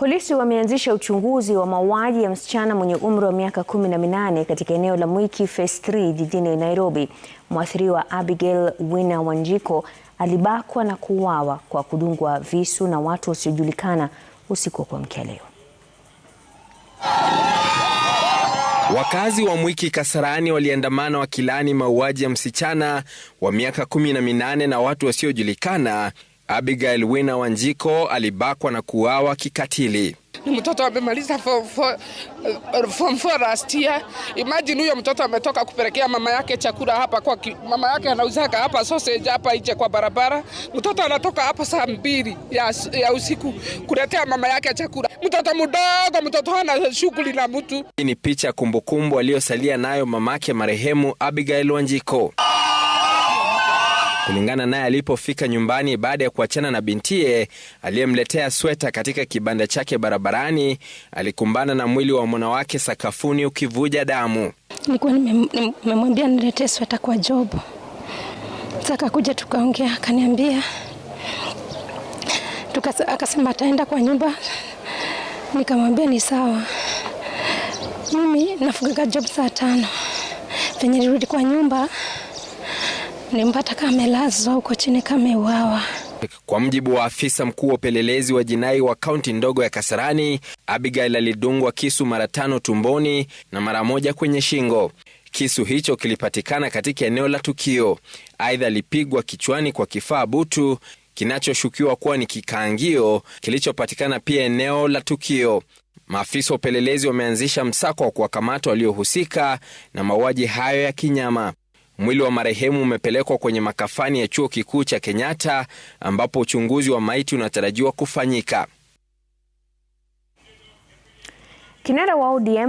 Polisi wameanzisha uchunguzi wa mauaji ya msichana mwenye umri wa miaka kumi na minane katika eneo la Mwiki Phase 3 jijini Nairobi. Mwathiriwa Abigail Wina Wanjiko alibakwa na kuuawa kwa kudungwa visu na watu wasiojulikana usiku wa kuamkia leo. Wakazi wa Mwiki Kasarani waliandamana wakilaani mauaji ya msichana wa miaka kumi na minane na watu wasiojulikana Abigail Wina Wanjiko alibakwa na kuawa kikatili. Ni mtoto amemaliza form 4 eh, last year. Imagine huyo mtoto ametoka kupelekea mama yake chakula hapa kwa ki, mama yake anauzaka hapa sausage hapa nje kwa barabara. Mtoto anatoka hapa saa mbili ya, ya usiku kuletea mama yake chakula. Mtoto mdogo, mtoto hana shughuli na mtu. Hii ni picha kumbukumbu aliyosalia nayo mamake marehemu Abigail Wanjiko kulingana naye alipofika nyumbani baada ya kuachana na bintiye aliyemletea sweta katika kibanda chake barabarani, alikumbana na mwili wa mwanawake sakafuni ukivuja damu. Nilikuwa nimemwambia niletee sweta kwa Jobu, kuja tukaongea, akaniambia akasema ataenda kwa nyumba, nikamwambia ni sawa, mimi nafungaga job saa tano venye nirudi kwa nyumba nilimpata kama amelazwa huko chini kama ameuawa. Kwa mjibu wa afisa mkuu wa upelelezi wa jinai wa kaunti ndogo ya Kasarani, Abigail alidungwa kisu mara tano tumboni na mara moja kwenye shingo. Kisu hicho kilipatikana katika eneo la tukio. Aidha, alipigwa kichwani kwa kifaa butu kinachoshukiwa kuwa ni kikaangio kilichopatikana pia eneo la tukio. Maafisa wa upelelezi wameanzisha msako wa kuwakamata waliohusika na mauaji hayo ya kinyama. Mwili wa marehemu umepelekwa kwenye makafani ya chuo kikuu cha Kenyatta ambapo uchunguzi wa maiti unatarajiwa kufanyika. Kinara wa ODM